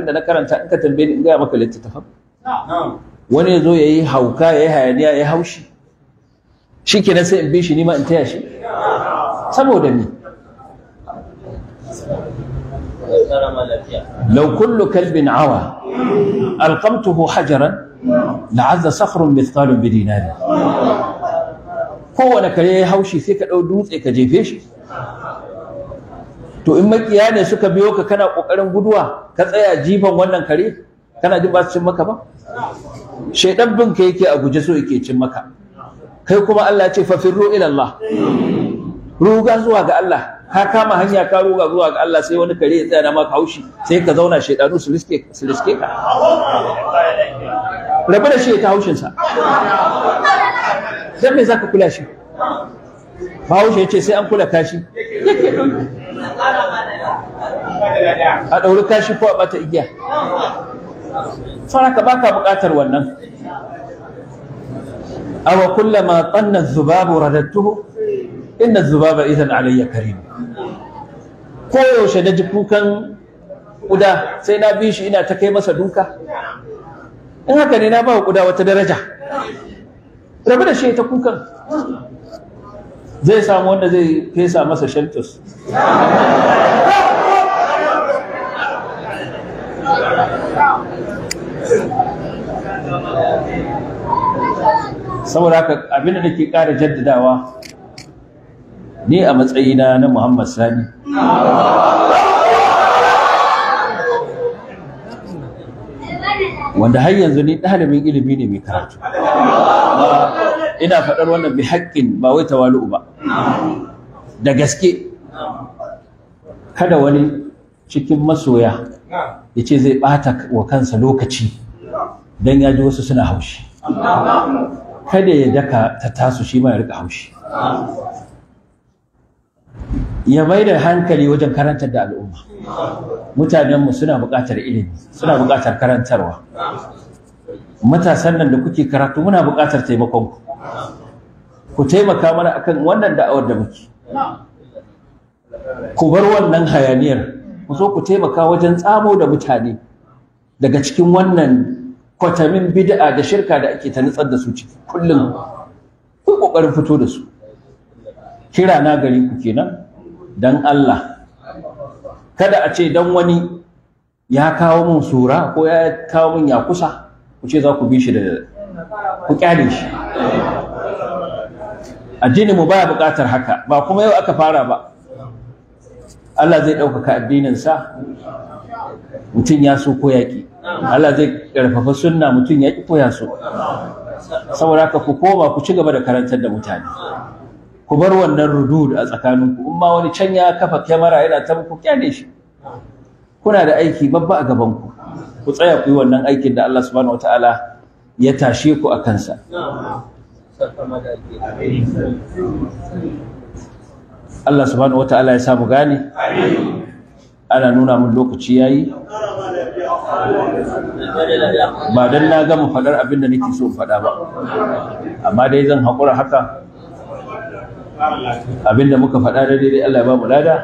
littafin da na karanta in ka tambaye ni in gaya maka littattafan wani ya zo ya yi hauka ya yi hayaniya ya haushi shi kenan sai in bi shi nima in taya shi saboda ni لو كل كلب عوى ألقمته حجرا لعز صخر مثقال بدينار كوانا كليه هوشي سيكا أو دوز إيكا جيفيشي to in makiya ne suka biyo ka kana kokarin guduwa ka tsaya jifan wannan kare kana jin ba su cin maka ba shaidan bin ka yake a guje so yake cin maka kai kuma Allah ya ce fa firru ila Allah ruga zuwa ga Allah ka kama hanya ka ruga zuwa ga Allah sai wani kare ya tsaya na maka haushi sai ka zauna shaidanu su riske su riske ka rabu da shi ya ta haushinsa dan me zaka kula shi bahaushe ya ce sai an kula kashi a ɗauri kashi ko a ɓata igiya saraka baka buƙatar wannan awa kullama tsannan zubabu radattuhu inna zubaba idan alayya karim koyaushe na ji kukan ƙuda sai na bi shi ina ta kai masa duka in haka ne na ba wa ƙuda wata daraja rabu da shi ta kukan zai samu wanda zai fesa masa shaltus saboda haka abinda da ke ƙara jaddadawa ne a matsayina na Muhammad Sani wanda har yanzu ni ɗalibin ilimi ne mai karatu ina faɗar wannan bi haƙƙin ba wai tawalu'u ba da gaske kada wani cikin masoya ya ce zai ɓata wa kansa lokaci don ya ji wasu suna haushi kada ya daka ta tasu shi ma ya rika haushi ya mai da hankali wajen karantar da al'umma mutanenmu suna buƙatar ilimi suna buƙatar karantarwa matasan nan da kuke karatu muna buƙatar taimakon ku ku taimaka mana akan wannan da'awar da muke ku bar wannan hayaniyar ku so ku taimaka wajen tsamo da mutane daga cikin wannan kwatamin bid'a da shirka da ake ta nutsar da su ciki kullum ku kokarin fito da su kira na gari ku kenan dan Allah kada a ce dan wani ya kawo mun sura ko ya kawo min ya kusa ku ce za ku bi shi da ku kyale shi addinin mu baya buƙatar haka ba kuma yau aka fara ba Allah zai ɗaukaka addininsa mutum ya so ko yaƙi Allah zai ƙarfafa sunna mutum ya ƙi ko ya so saboda haka ku koma ku ci gaba da karantar da mutane ku bar wannan rudud a tsakaninku in wani can ya kafa kyamara yana ta ku kyale shi kuna da aiki babba a gabanku ku tsaya ku yi wannan aikin da Allah subhanahu wataala ya tashe ku a kansa Allah subhanahu wataala ya samu gane ana nuna mun lokaci yayi ba dan na gama faɗar abin da nake so faɗa ba amma dai zan haƙura haka abinda muka faɗa da daidai Allah ya ba mu lada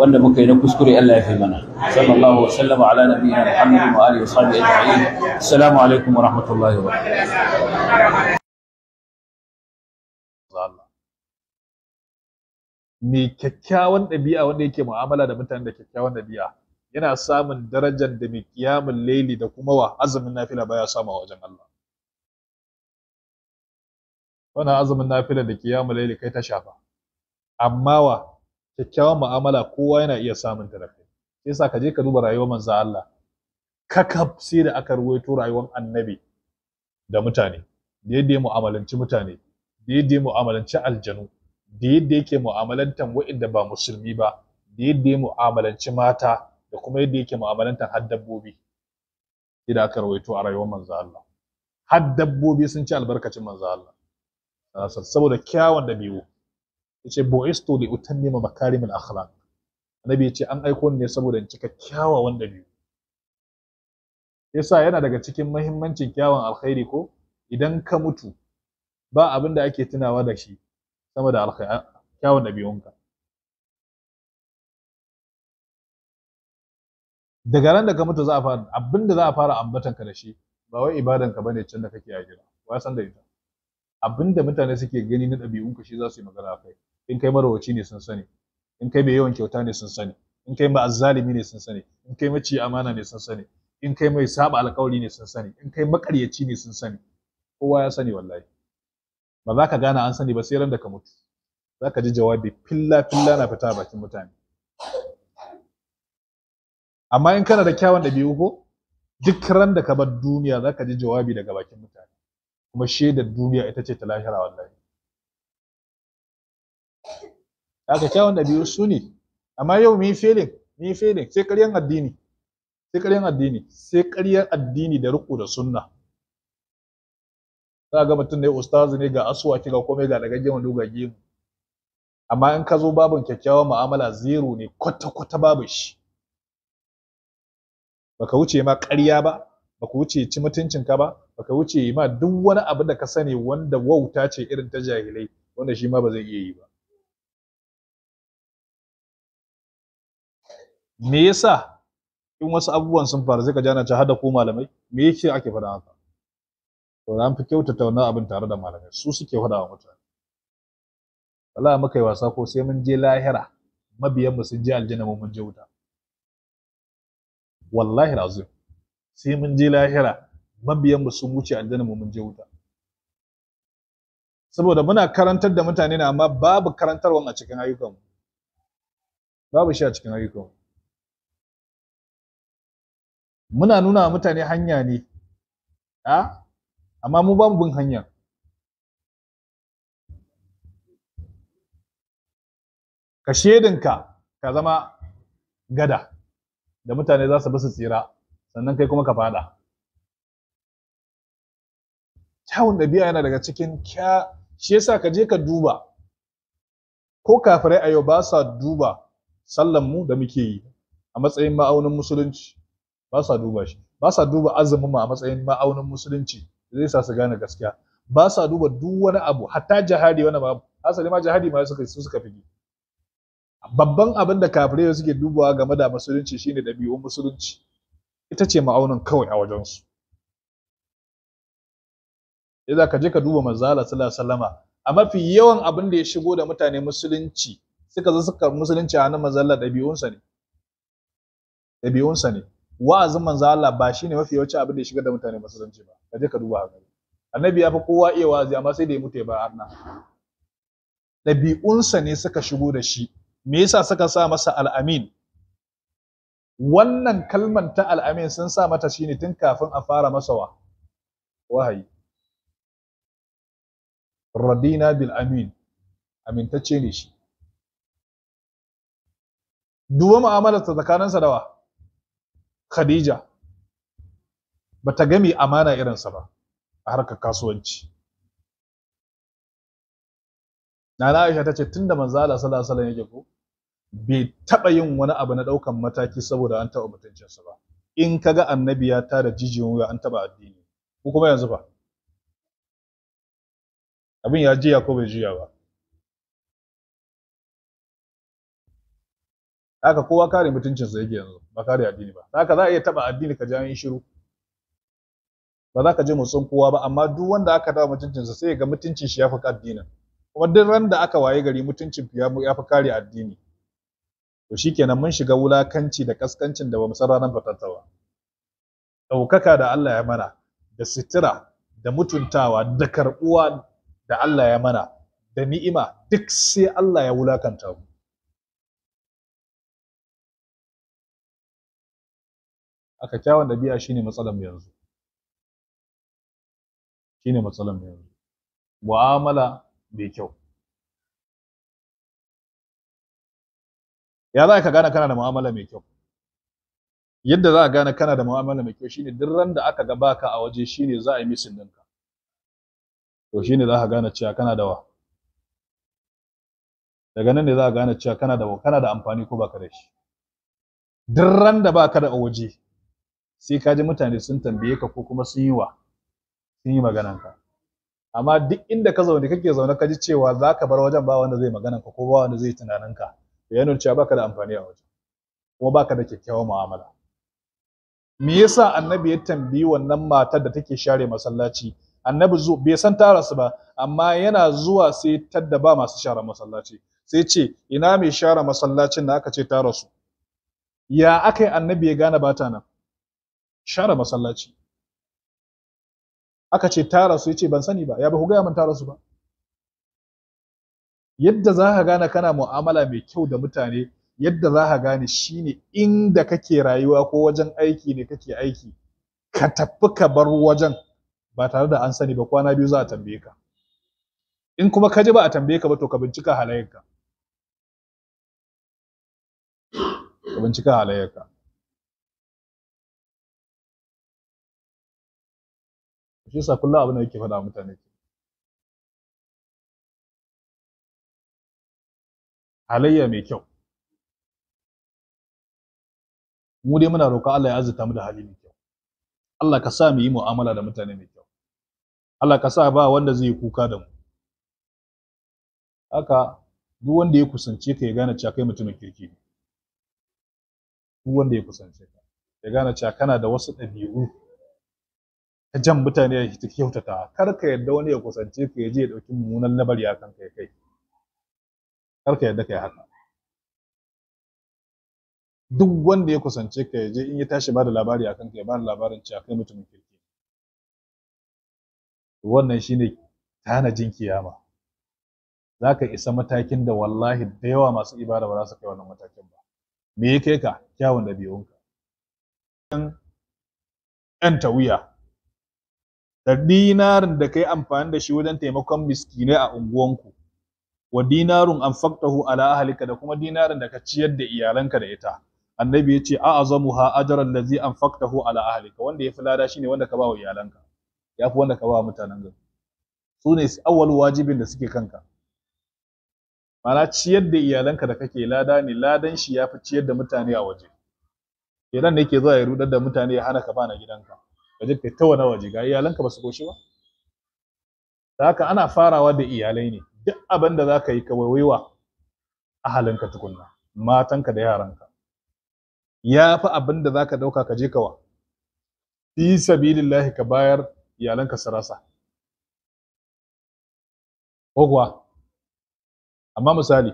wanda muka yi na kuskure Allah ya fi mana sallallahu wa sallama ala na Muhammadin wa alihi wa sahbihi ajma'in assalamu alaikum wa rahmatullahi wa barakatuh Mi kyakkyawan ɗabi'a wanda yake mu'amala da mutane da kyakkyawan ɗabi'a yana samun darajar da mai kiyamun laili da kuma wa azumin nafila baya samu a wajen Allah wannan azumin nafila da kiyamun laili kai ta shafa amma wa kyakkyawan mu'amala kowa yana iya samun ta da kai sai sa ka je ka duba rayuwar manzo Allah kakab sai da aka ruwaito rayuwar annabi da mutane da yadda ya mu'amalanci mutane da yadda ya mu'amalanci aljanu da yadda yake mu'amalantan wa'inda ba musulmi ba da yadda ya mu'amalanci mata da kuma yadda yake mu'amalantan har dabbobi idan aka rawaito a rayuwar manzo Allah har dabbobi sun ci albarkacin manzo Allah saboda kyawun dabi'u yace bu'istu li utammima makarimul akhlaq annabi yace an aiko ne saboda in cika kyawawan dabi'u yasa yana daga cikin muhimmancin kyawun alkhairi ko idan ka mutu ba abin da ake tunawa da shi sama da kyawun ɗabi'unka daga ran da ka mutu za a fara abin da za a fara ambatan ka da shi ba wai ibadan ka bane can da kake a gida wa san da ita abinda mutane suke gani na ɗabi'un ka shi za su yi magana kai in kai marawaci ne sun sani in kai mai yawan kyauta ne sun sani in kai mai azzalimi ne sun sani in kai maci amana ne sun sani in kai mai saba alƙawari ne sun sani in kai makaryaci ne sun sani kowa ya sani wallahi ba za ka gane an sani ba sai ran da ka mutu za ka ji jawabi filla filla na fita bakin mutane amma in kana da kyawun ɗabi'u ko duk ran da ka bar duniya za ka ji jawabi daga bakin mutane kuma shaidar duniya ita ce ta lahira wallahi haka kyawun biyu su ne amma yau mu yi mi mu sai ƙaryan addini sai ƙaryan addini sai ƙaryan addini da riƙo da sunna za ga mutum ne ustazu ne ga asuwa ga komai ga dagaggen wanda ga gemu amma in ka zo babin kyakkyawan mu'amala zero ne kwata-kwata babu shi baka wuce ma ƙarya ba baka wuce ci mutuncinka ba baka wuce ma duk wani abu da ka sani wanda wauta ce irin ta jahilai wanda shi ma ba zai iya yi ba me yasa in wasu abubuwan sun faru zai ka jana ci hada ko malamai me yake ake faɗa haka to an fi kyautata wannan abin tare da malamai su suke faɗa wa mutane Allah muka yi wasa ko sai mun je lahira mabiyan mu sun je aljanna mun je wuta wallahi azim sai mun je lahira mabiyan mu sun wuce aljanna mu mun je wuta saboda muna karantar da mutane ne amma babu karantarwan a cikin ayyukan babu shi a cikin ayyukan muna nuna wa mutane hanya ne a amma mu ba mu bin hanya ka shedinka ka zama gada da mutane za su bi su tsira sannan kai kuma ka fada kyawun ɗabi'a yana daga cikin kya shi yasa ka je ka duba ko kafirai a yau ba sa duba sallan mu da muke yi a matsayin ma'aunin musulunci ba sa duba shi ba sa duba azumin mu a matsayin ma'aunin musulunci zai sa su gane gaskiya ba sa duba duk wani abu hatta jihadi wani babu asali ma jihadi ma suka su suka fi babban abin da kafirai suke dubawa game da musulunci shine ɗabi'un musulunci ita ce ma'aunin kawai a wajensu yadda ka je ka duba manzala sallallahu a mafi yawan abin da ya shigo da mutane musulunci suka zo suka musulunci a hannun manzala ɗabi'unsa ne ɗabi'unsa ne wa'azin manzala ba shine mafi yawancin abin da ya shigar da mutane musulunci ba ka je ka duba haka annabi ya fi kowa iya wa'azi amma sai da ya mutu ya ba arna ɗabi'unsa ne suka shigo da shi me yasa suka sa masa al'amin wannan kalman ta al'amin sun sa mata shi ne tun kafin a fara masawa wahayi radina bil amin amintacce ne shi duba mu'amalar ta tsakaninsa da Khadija ba ta gami amana irinsa ba a harkar kasuwanci Nana Aisha ta ce tun da manzala sallallahu alaihi wasallam yake ko bai taɓa yin wani abu na ɗaukan mataki saboda an taɓa mutuncinsa ba in kaga annabi ya tada jijiyan wuya an taɓa addini ko kuma yanzu ba abin ya jiya ko bai jiya ba haka kowa kare mutuncinsa yake yanzu ba kare addini ba haka za a iya taɓa addini ka ji an yi shiru ba za ka je motsin kowa ba amma duk wanda aka taɓa mutuncinsa sai ya ga mutuncin shi ya fi addinin kuma duk ran da aka waye gari mutuncin ya fi kare addini to kenan mun shiga wulakanci da kaskancin da bamu san ranar fatarta ba ɗaukaka da Allah ya mana da sitira da mutuntawa da karɓuwa da Allah ya mana da ni'ima duk sai Allah ya wulakanta mu aka kyawun ɗabi'a shine matsalar yanzu shine matsalar mu'amala mai kyau ya za ka gane kana da mu'amala mai kyau yadda za a gane kana da mu'amala mai kyau shine duk ran da aka ga baka a waje shine za a yi misin dinka. to shine za ka gane cewa kana da wa daga nan ne za a gane cewa kana da kana da amfani ko baka da shi duk ran da baka da waje sai ka ji mutane sun tambaye ka ko kuma sun yi wa sun yi magananka amma duk inda ka zaune kake zaune ka ji cewa za ka bar wajen ba wanda zai magananka ko ba wanda zai tunaninka ya nuna cewa baka da amfani a wajen kuma baka da kyakkyawan mu'amala me yasa annabi ya tambayi wannan matar da take share masallaci annabi zo bai san tara su ba amma yana zuwa sai tadda ba masu share masallaci sai ce ina mai share masallacin da aka ce tara su ya aka yi annabi ya gane bata nan share masallaci aka ce tara su ya ce ban sani ba ya ba ku gaya min tara su ba yadda za ka gane kana mu'amala mai kyau da mutane yadda za ka gane shine inda kake rayuwa ko wajen aiki ne kake aiki ka tafi ka bar wajen ba tare da an sani ba kwana biyu za a tambaye ka in kuma ka ji ba a tambaye ka ba to ka bincika halayenka ka bincika halayenka shi sa kullum abin da yake faɗa mutane ke halayya mai kyau mu dai muna roƙon Allah ya azurta mu da hali mai kyau Allah ka sa mu yi mu'amala da mutane mai kyau Allah ka sa ba wanda zai yi kuka da mu haka duk wanda ya kusance ka ya gane cewa kai mutumin kirki ne duk wanda ya kusance ka ya gane cewa kana da wasu ɗabi'u ta jan mutane ya kyautata kar ka yarda wani ya kusance ka ya je ya ɗauki mummunan labari a kanka ya kai kar ka yarda haka duk wanda ya kusance ka je in ya tashi ba da labari akan ka ya ba da labarin cewa kai mutumin kirki wannan shine tanajin kiyama zaka isa matakin da wallahi da yawa masu ibada ba za su kai wannan matakin ba me ya kai ka kyawun ɗabi'unka ɗan tawiya da dinarin da kai amfani da shi wajen taimakon miskinai a unguwanku wa dinarun anfaqtahu ala ahlika da kuma dinarin da ka ciyar da iyalanka da ita annabi yace a azamuha ajran allazi anfaqtahu ala ahlika wanda fi lada shine wanda ka ba wa iyalanka yafi wanda ka ba wa mutanen gari su ne awwal wajibin da suke kanka Mana ciyar da iyalanka da kake lada ne ladan shi yafi ciyar da mutane a waje kenan ne ke zuwa ya rudar da mutane ya hana ka bana gidanka ka je kai ta wani waje ga iyalanka ba su koshi ba da haka ana farawa da iyalai ne duk abin da za ka yi wa ahalinka tukunna matanka da yaranka ya fi abin da za ka ɗauka ka je kawa fi sabilillahi ka bayar iyalanka su rasa amma misali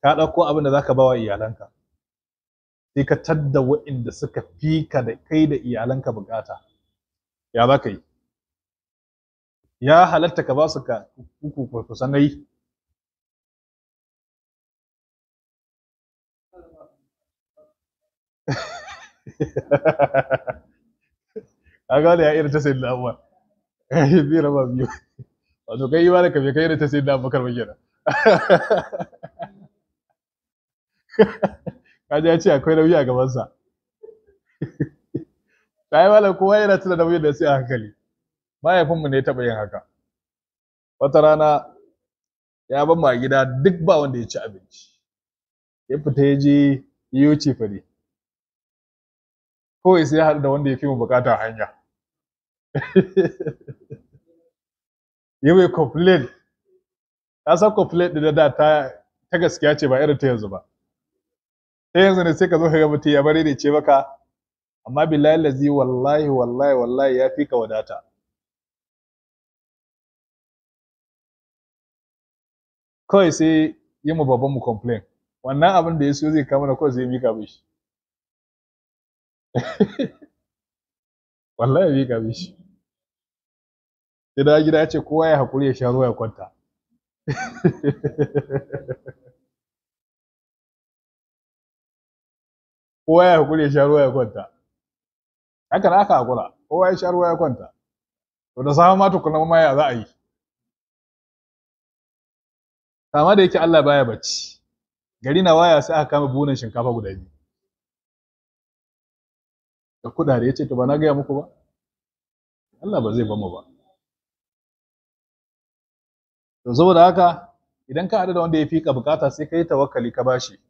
ka ɗauko abin da za ka bawa iyalanka sai ka tadda waɗanda suka fi ka da kai da iyalanka bukata ya za ka yi ya halatta ka ba su ka uku kusan nayi a gane ya irin ta sayi abuwa ya yi eh, bi raba biyu wato kai yi ba da kafe kai irin ta sai sayi abubakar ba kenan kaji ya ce akwai nauyi a gabansa ta yi malam kowa yana tuna nauyin da sai a hankali mahaifinmu ne ya taɓa yin haka wata rana ya ban ma gida duk ba wanda ya ci abinci ya fita ya je ce fari. kawai sai ya haɗu da wanda ya fi mu bukata hanya ya mai complain ya san complain ɗin da ta ta gaskiya ce ba irin ta yanzu ba ta yanzu ne sai ka zo ka ga mutum ya bare ne ce maka amma billahi lazi wallahi wallahi wallahi ya fi ka wadata kawai sai yi ma babban mu complain wannan abin da ya siyo zai kama na kawai zai mika shi wallahi ya mika mishi sai da gida ya ce kowa ya haƙuri ya sha ruwa ya kwanta kowa ya haƙuri ya sha ruwa ya kwanta haka na aka haƙura kowa ya sha ruwa ya kwanta to da safe ma tukuna ma ya za a yi kama da yake Allah baya bacci gari na waya sai aka kama bunan shinkafa guda biyu da kudade ya ce to ba na gaya muku ba Allah ba zai bamu ba to saboda haka idan ka haɗu da wanda ya fika bukata sai ka tawakkali ka bashi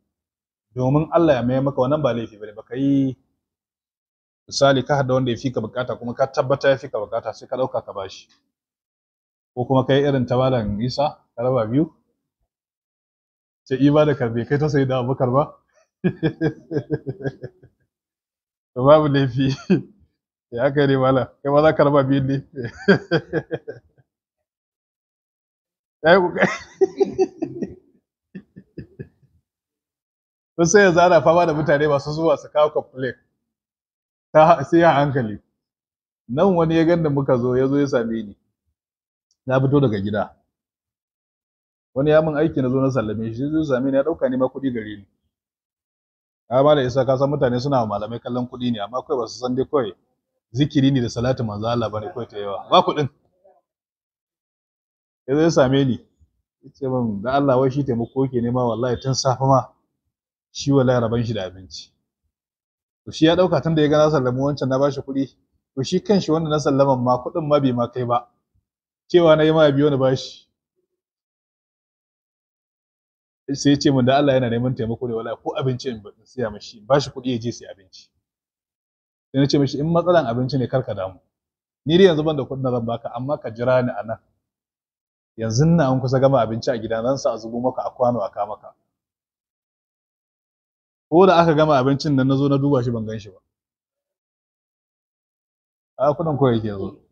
domin Allah ya mai maka wannan ba laifi bane baka yi misali ka haɗu da wanda ya fika bukata kuma ka tabbata ya fika bukata sai ka ɗauka ka bashi ko kuma kai irin tabalan Isa ka raba biyu ce ima da karbe kai ta sai da abubakar ba babu laifi ya kai ne mala kai ma za ka raba biyun ne ya yi kokari sai yanzu ana fama da mutane masu zuwa su kawo Ta sai a hankali nan wani ya ganda muka zo ya zo ya same ni na fito daga gida wani ya mun aiki na zo na sallame shi zai zame ni ya dauka ni ma kuɗi gare ni a da isa kasan mutane suna malamai kallon kuɗi ne amma kai ba su san dai kawai zikiri ne da salatu manzo Allah bane kawai ta yawa ba kuɗin ya zai same ni ya ce min da Allah wai shi taimako ke nema wallahi tun safi ma shi wallahi raban shi da abinci to shi ya dauka tun da ya ga na sallamu wancan na bashi kuɗi to shi kanshi wanda na sallaman ma kuɗin ma bai ma kai ba cewa na yi ma biyo ni bashi sai ce min da Allah yana neman taimako da wala ko abinci in siya mashi ba shi kuɗi ya je sai abinci sai na ce mashi in matsalan abinci ne kar ka damu ni dai yanzu ban da kuɗin zan baka amma ka jira ni a nan yanzu na an kusa gama abinci a gida zan sa a zubo maka a kwano a kama ko da aka gama abincin nan na zo na duba shi ban gan shi ba a kuɗin ko yake yanzu